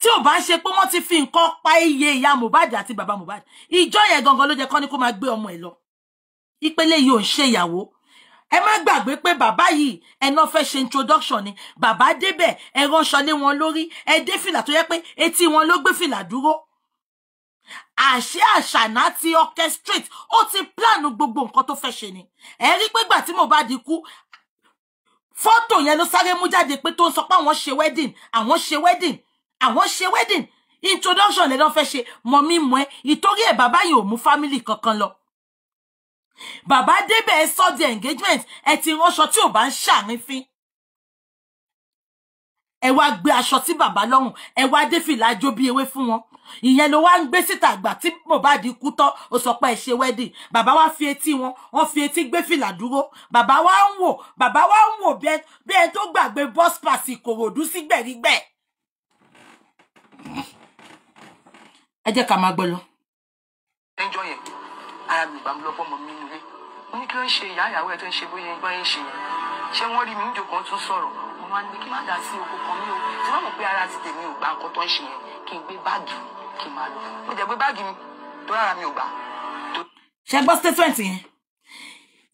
tí ò bá ń ṣe pé wọ́n ti fi nǹkan pa iye ìyá Mohbad àti ati Mohbad ìjọ yẹn gangan ló jẹ́ kọ́ ni kó máa gbé ọmọ ẹ̀ lọ ìpele yìí ò ń ṣe ìyàwó ẹ má gbàgbé pé bàbá yìí ẹná fẹ́ ṣe introduction ni bàbá débẹ̀ ẹ ránṣọ lé wọn lórí ẹ dé fìlà tó yẹ pé etí wọn ló gbé fìlà dúró àṣé àṣànà ti orchestrate ó ti plan gbogbo nǹkan tó fẹ́ ṣe ni ẹ rí pé gbà tí mo bá di kú fọ́tò yẹn ló sáré mú jáde pé tó ń sọ pé àwọn ṣe wedding àwọn ṣe wedding àwọn ṣe wedding introduction lẹ́dọ̀ fẹ́ ṣe mọ̀ mí mọ̀ ẹ́ ẹ̀ bàbá yìí ò mú family kankan lọ bàbá débẹ̀ ẹ sọ di engagement ẹ ti ránṣọ tí ò bá ń ṣàrífín ẹ wá gbé aṣọ tí bàbá lọ́rùn ẹ wá dé fìlà jó bí ewé fún wọn ìyẹn ló wá ń gbé síta àgbà tí Mohbad kú tọ́ ó sọ pé ẹ ṣe wedding bàbá wá fi etí wọn wọn fi etí gbé fìlà dúró bàbá wá ń wò bàbá wá ń wò bí ẹ tó gbàgbé bus pass Ìkòròdú sí gbẹ̀rígbẹ̀ ẹ jẹ́ ká máa gbọ́ lọ. ẹjọ́ yẹn ara mi ò bá mi lọ ní kí ló ń ṣe ìyá ìyàwó ẹ tó ń ṣe bóyá ìgbọ́n yẹn ṣe ṣé wọ́n rí mi ń jòkó tún sọ̀rọ̀ mo máa ní kí má dá sí oko kan mi o tí wọ́n mọ̀ pé ara ti tèmi ò gbà nǹkan tó ń ṣe yẹn kí n gbé báàgì kí n máa lọ mo jẹ́ gbé báàgì mi tó rárá mi ò gbà. ṣe gbọ́ statement yẹn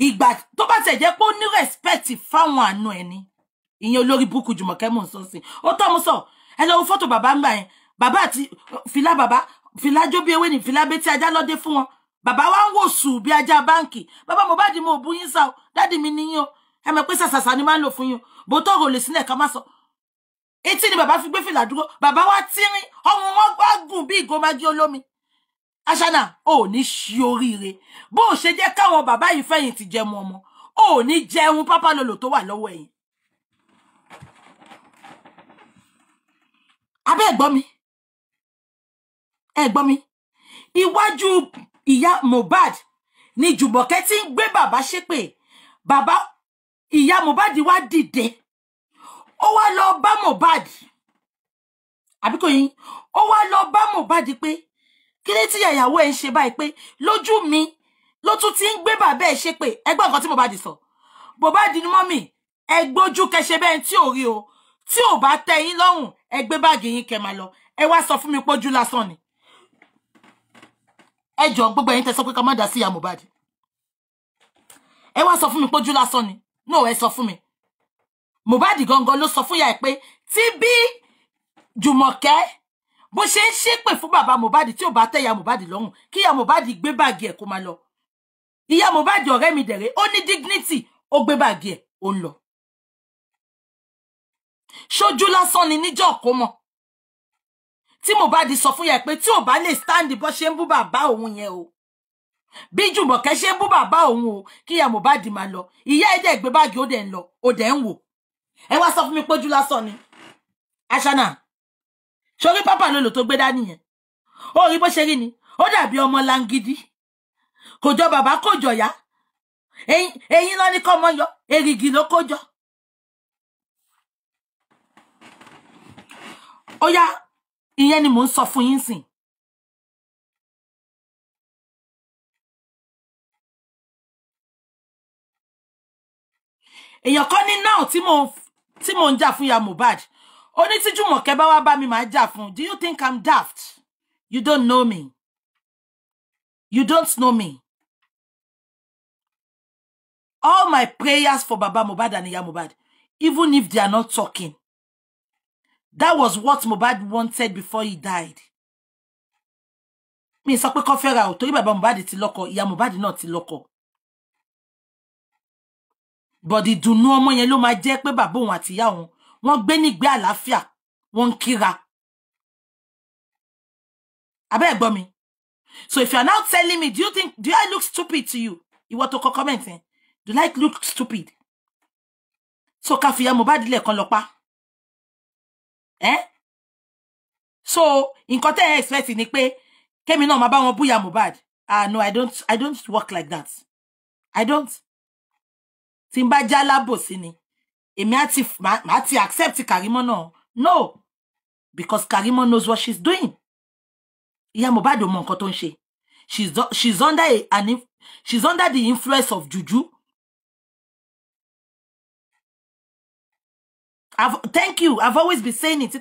ìgbà tó bá tẹ̀ jẹ́ pé ó ní respect fáwọn àna ẹ̀ ni ìyẹn olórí búkú jùmọ̀kẹ́ mọ̀ sọ́sìn ó tọ́ mo sọ ẹ lọ wo fọ́tò bàbá ń gbà yẹn bàbá àti fìlà bàbá fìlà jóbi ewé ni fìlà bẹ́tí ajá lọ́dẹ fún wọn bàbá wa ń wò sùn bí ajá báǹkì bàbá Mohbad mo bú yín sá o dáàdì mi níyìn o ẹ mọ̀ pé sàṣàṣà ni máa ń lò fún yín o bó tó rò lè sílẹ̀ ká má sọ etí ni bàbá fi gbé fìlà dúró bàbá wa tírín ọrùn wọn wá gùn bí ìgò magi olómi aṣáná ò ní ṣí oríire bó o ṣe jẹ́ káwọn bàbá yìí fẹ̀yìn ti jẹun ọmọ ò ní jẹun pápá lolo tó wà lọ́wọ́ ẹ̀yìn abẹ́ ẹ̀gbọ́n mi ẹ̀gbọ́n mi iwájú ìyá Mohbad ni Jùmọ̀kẹ́ ti ń gbé bàbá ṣépè bàbá ìyá Mohbad wá dìde ó wá lọ bá Mohbad àbí kò yín ó wá lọ bá Mohbad pé kí ló tí ìyàwó ẹ ń ṣe báyìí pé lójú mi ló tún ti ń gbé bàbá ẹ ṣépè ẹgbọ́n nǹkan tí Mohbad sọ Mohbad ni mọ́mì ẹ gbójú kẹṣẹ bẹ́ẹ̀ tí ò rí o tí ò bá tẹ́ yín lọ́rùn ẹ gbé báàgì yín kẹ́ máa lọ ẹ wá sọ fún mi pójú lásán ni ẹ jọ gbogbo ẹ̀yin tẹ́ sọ pé ká má dá sí ìyá Mohbad ẹ wá sọ fún mi pójú lásán ni no ẹ sọ fún mi Mohbad gangan ló sọ fún ìyá ẹ pé tí bí Jùmọ̀kẹ́ bó ṣe ń ṣépè fún bàbá Mohbad tí ò bá tẹ́ ìyá Mohbad lọ́rùn kí ìyá Mohbad gbé báàgì ẹ̀ kó máa lọ ìyá Mohbad ọ̀rẹ́ mi dẹ̀rẹ́ ó ní dignity ó gbé báàgì ẹ̀ ó ń lọ ṣojú lásán ni níjọ́ kó mọ̀ tí Mohbad sọ fún yẹn pé tí ò bá lè stand bó ṣe ń bú bàbá òun o bí Jùmọ̀kẹ́ ṣe ń bú bàbá òun o kí ìyá Mohbad máa lọ ìyá ẹ̀ dẹ̀ gbé báàgì ó dẹ̀ ń lọ ó dẹ̀ ń wò ẹ wá sọ fún mi pójú lásán ni aṣáná sórí pápá lolo tó gbé dání yẹn ó rí bó ṣe rí ni ó dàbí ọmọ langidi Kojo baba kojo ya. jọ yá eyín lọ ní kọ́ ọmọ yọ erigi ló kó jọ. ó ìyẹn ni mò ń sọ fún yín sìn. èèyàn kan ní now tí mo tí mo ń jà fún ya Mohbad ó ní tí Jùmọ̀kẹ́ bá wá bá mi máa jà fún do you think I'm daft you don't know me you don't know me all my prayers for Baba Mohbad and Iya Mohbad even if they are not talking that was what Mohbad wanted before he died mi sọ pé kó fẹ́ra ò torí bàbá Mohbad ti lọ́kọ ìyá Mohbad náà ti lọ́kọ bọ̀dì dùnú ọmọ yẹn ló máa jẹ́ pé bàbá òun àti ìyá òun wọ́n Gbe nígbé àlàáfíà wọ́n ń kíra abẹ́ ẹ̀gbọ́n mi so if you are now telling me do you think do I look stupid to you You want to comment yẹn do I look stupid so ká fi le Mohbad lẹ́ẹ̀kan pa. Eh, so nǹkan tẹ́ ẹ expect ni pé kémi náà máa bá wọn búyà Mohbad ah no i don't i don't work like that i don't tí n bá já lábòsí ni èmi àti màá ti accept Karimo náà no because Karimo knows what she's doing ìyá Mohbad ò mọ nǹkan tó ń ṣe she's she's under a, an she's under the influence of juju I've, thank you. I've always been saying it.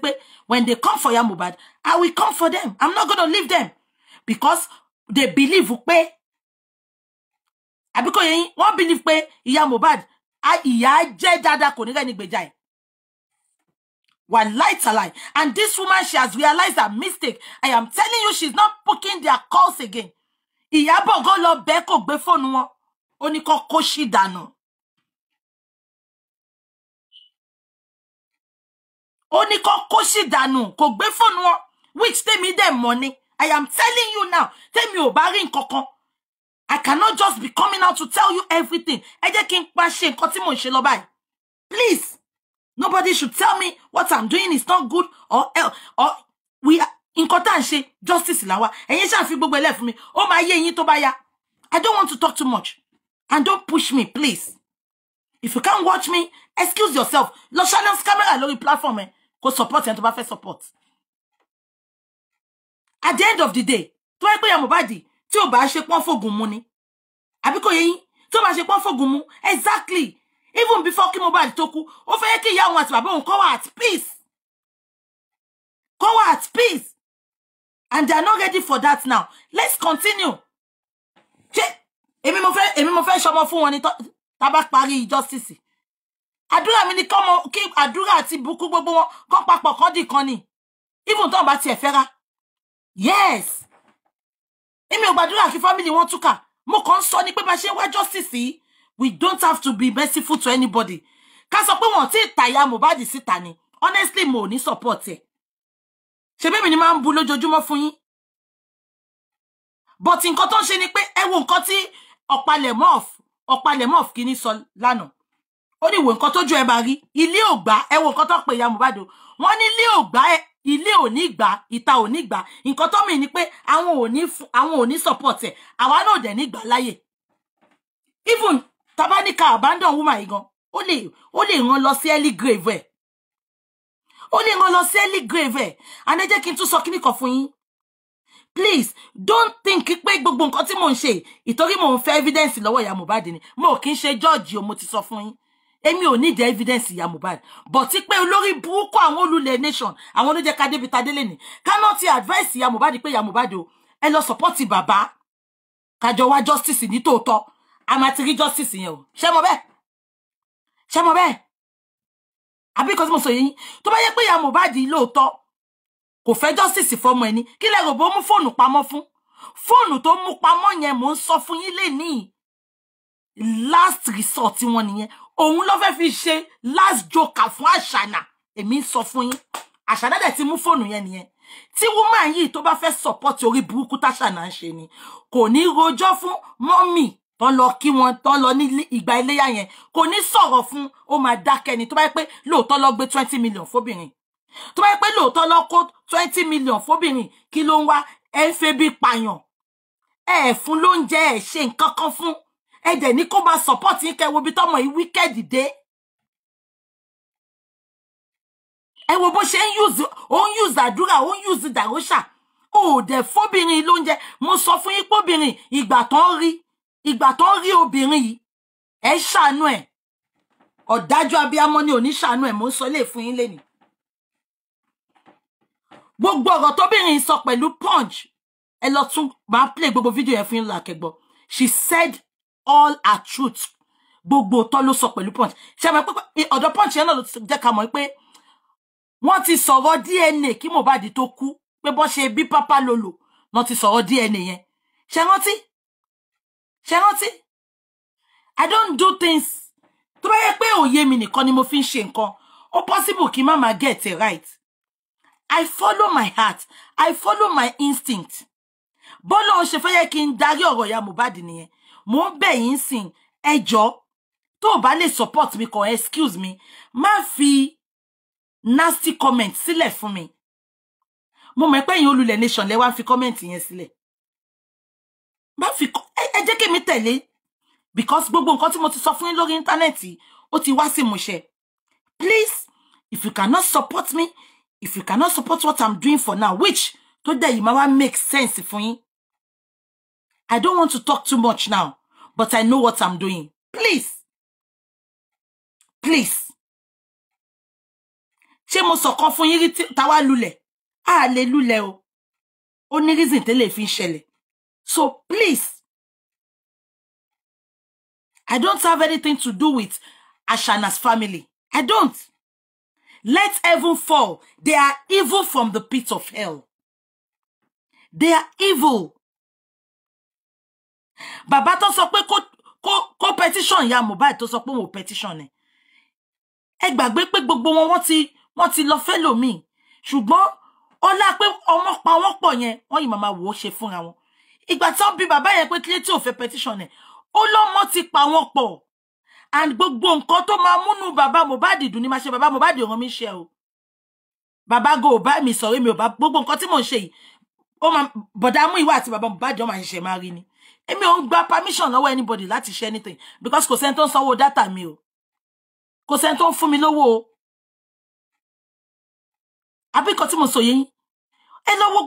When they come for Iya Mohbad, I will come for them. I'm not going to leave them because they believe pé Abiko kò yé believe pé Iya Mohbad a ìyà jẹ́ dáadáa kò ní rẹ́ni gbèjà ẹ̀. Wallahi talai. And this woman, she has realized her mistake. I am telling you, she's not poking their calls again. Ìyábọ̀ gan lọ bẹ́ẹ̀ kò gbé fóònù wọn. Ó ní kó kó ó ní kó kó sì dànù kò gbé fóònù wọn which tèmi dẹ̀ mọ̀ ni i am telling you now tèmi ò bá rí nǹkan i cannot just be coming out to tell you everything ẹ jẹ́ kí n pa ṣe nǹkan tí mò ń ṣe lọ báyìí please nobody should tell me what i'm doing is not good or or we nǹkan tá à ń ṣe justice làwa ẹ̀yin ṣáà fi gbogbo ẹlẹ́fun mi ó máa yé yín tó bá yá i don't want to talk too much and don't push me please if you can't watch me excuse yourself lọ channels camera lórí platform ẹ. Eh? kó support ẹni tó bá fẹ́ support at the end of the day tó wáyé pé ìyá Mohbad tí ò bá ṣe pọ́n fògùn mu ni àbí kò yẹ yín tó bá ṣe pọ́n fògùn mu exactly even before kí Mohbad tó kú ó fẹ́ kí ìyá òun àti bàbá òun kó wà at peace kó wà at peace and they are not ready for that now let's continue ṣé èmi mo fẹ́ èmi mo fẹ́ ṣọmọ fún wọn ni tá parí justice àdúrà mi ni kọ́mọ kí àdúrà àti bukú gbogbo wọn kọ́ papọ̀ kọ́ dì kan ni even tó ń bá tiẹ̀ fẹ́ra yes èmi ò gbàdúrà kí family wọn túkà mo kàn ń sọ ni pé bá ṣe wá justice yìí we don't have to be merciful to anybody ká sọ pé wọn ò tí ì tàyà Mohbad síta ni honestly mo ò ní support ẹ ṣe bẹ́ẹ̀ mi ni máa ń bu lójoojúmọ́ fún yín but nǹkan tó ń ṣe ni pé ẹ wo nǹkan tí ọ̀pálẹ̀mọ́ọ̀f ọ̀pálẹ̀mọ́ọ̀f kìíní sọ lánàá ó ní ìwò nǹkan tójú ẹ máa rí ilé ò gbà ẹ wo nǹkan tó pè ya Mohbad o wọn ní ilé ò ilé ò ní gbà ìta ò ní gbà nǹkan tó mì ní pé àwọn ò ní support ẹ àwa náà dẹ̀ ní gbà láyè even tabanika abandon woman yìí gan ó lè ràn lọ sí early grave ẹ ó lè ràn lọ sí early grave ẹ and ẹ jẹ́ kí n tún sọ kíní kan fún yín please don't think pé gbogbo nǹkan tí mò ń ṣe ìtorí mò ń fẹ́ evidence lọ́wọ́ ìyá Mohbad ni mo kì í ṣe jọ́ọ̀jì o mo ti sọ fún yín Emi ò need evidence ya mobile, but ti pé olórí burúkú àwọn olùlẹ̀ nation àwọn ló jẹ́ ká débi tadé lẹ́ni cannot advice ìyá Mohbad pé ìyá Mohbad o ẹ lọ support bàbá kájọ wá justice ni toto a justice yẹn o ṣé mo be? ṣé mo bẹ́ẹ̀ àbí kan tí mo sọ yìí tó bá yẹ pé ìyá Mohbad lóòótọ́ kò fẹ́ justice fọmọ ẹni kí lẹ rò bó mú phone pamọ́ fún fóònù tó mú pamọ́ yẹn mò ń sọ fún yín last resort wọn nìyẹn òun ló fẹ́ fi ṣe last joker fún àṣànà èmi ń sọ fún yín àṣànà dẹ̀ ti mú fóònù yẹn nìyẹn tí woman yìí tó bá fẹ́ support orí burúkú táṣànà ń ṣe ni kò ní rojọ́ fún mọ́mì tọ́ lọ kí wọn tọ́ lọ ní ìgbà iléyà yẹn kò ní sọ̀rọ̀ fún ó máa dákẹ́ ni tó bá yẹ pé lóòótọ́ lọ gbé twenty million fóbìnrin tó bá yẹ pé lóòótọ́ lọ kó twenty million fóbìnrin kí ló ń wá ẹ ń febi pààyàn ẹ ẹ fún lóúnjẹ ẹ ṣe nǹkan kan fún ẹ dẹ̀ ní kó máa support yín kẹ́ wo bí tọ́mọ yìí wicked dé ẹ wo bó ṣe ń use ó ń use àdúrà ó ń use dàróṣà ó dẹ̀ fóbìnrin lóúnjẹ mo sọ fún yín póbìnrin ìgbà tó ń rí ìgbà tó ń rí obìnrin yìí ẹ ṣàánú ẹ ọ̀dájú abiyamọ ni òní ṣàánú ẹ mo ń sọ lè fún yín lẹ́nìí gbogbo ọ̀rọ̀ tóbìnrin sọ pẹ̀lú punch ẹ lọ tún máa play gbogbo fídíò yẹn fún yín lákẹ́gbọ́ she said all are truth gbogbo tọ́ ló sọ pẹ̀lú punch ṣe mọ̀ pé ọ̀dọ̀ punch yẹn náà ló jẹ́ ká mọ̀ pé wọ́n ti sọ̀rọ̀ DNA kí Mohbad tó kú pé bọ́n ṣe bí pápá lolo wọ́n ti sọ̀rọ̀ DNA yẹn ṣe rántí ṣe rántí I don't do things tó bá yẹ pé òye mi nìkan ni mo fi ń ṣe nǹkan ó possible kí má máa get it right I follow my heart I follow my instinct bọ́lá òun ṣe fẹ́ yẹ kí n darí ọ̀rọ̀ ya Mohbad nìyẹn mo ń bẹ̀ yín sìn ẹjọ́ tó o bá lè support mi kàn excuse me, má fi nasty comment sílẹ̀ fún mi mo mọ̀ pé ẹ̀yin olùlẹ̀ nation lẹ wá fi comment yẹn sílẹ̀ má fi ẹ jẹ́ kémi tẹ̀lé because gbogbo nǹkan tí mo ti sọ fún yín lórí íńtánẹ́ẹ̀tì ó ti wá sí ìmúṣẹ please if you cannot support me if you cannot support what i'm doing for now which tó dẹ̀ yìí máa wá make sense fún yín I don't want to talk too much now, but I know what I'm doing. Please. Please. Ṣé mo sọ̀kan fún yín táwa lulẹ̀? A lè lulẹ̀ o. Ó ní reason tẹ́lẹ̀ fi ṣẹlẹ̀. So please. I don't have anything to do with Ashana's family. I don't. Let heaven fall. They are evil from the pit of hell. They are evil. Baba tó sọ pé kó kó petition ya mobile to sọ pé òun petition ni ẹ gbàgbé pé gbogbo wọn wọ́n ti wọ́n ti lọ fẹ́ lòmíì ṣùgbọ́n ọlá pé ọmọ pa wọ́n pọ̀ yẹn wọ́n yìí màmá wò ó ṣe fúnra wọn ìgbà tí wọ́n bi bàbá yẹn pé kílé tí ò fẹ́ petition ẹ̀ ó lọ́mọ ti pa wọ́n pọ̀ and gbogbo nǹkan tó máa múnú bàbá Mohbad dùn ní máa ṣe bàbá Mohbad ràn mí ṣe o Baba go buy me sorry sọ̀rọ̀ mi ò bá gbogbo nǹkan tí mò ń ṣe yìí ó máa bọ̀dá mú ìwà àti bàbá Mohbad wọn máa ni èmi ò ń gba permission lọ́wọ́ anybody láti share anything because kò sẹ́ni tó ń sanwó dátà mi o kò sẹ́ni tó ń fún mi lówó o àbíkọ tí mo sọ yẹn ẹ lọ́wọ́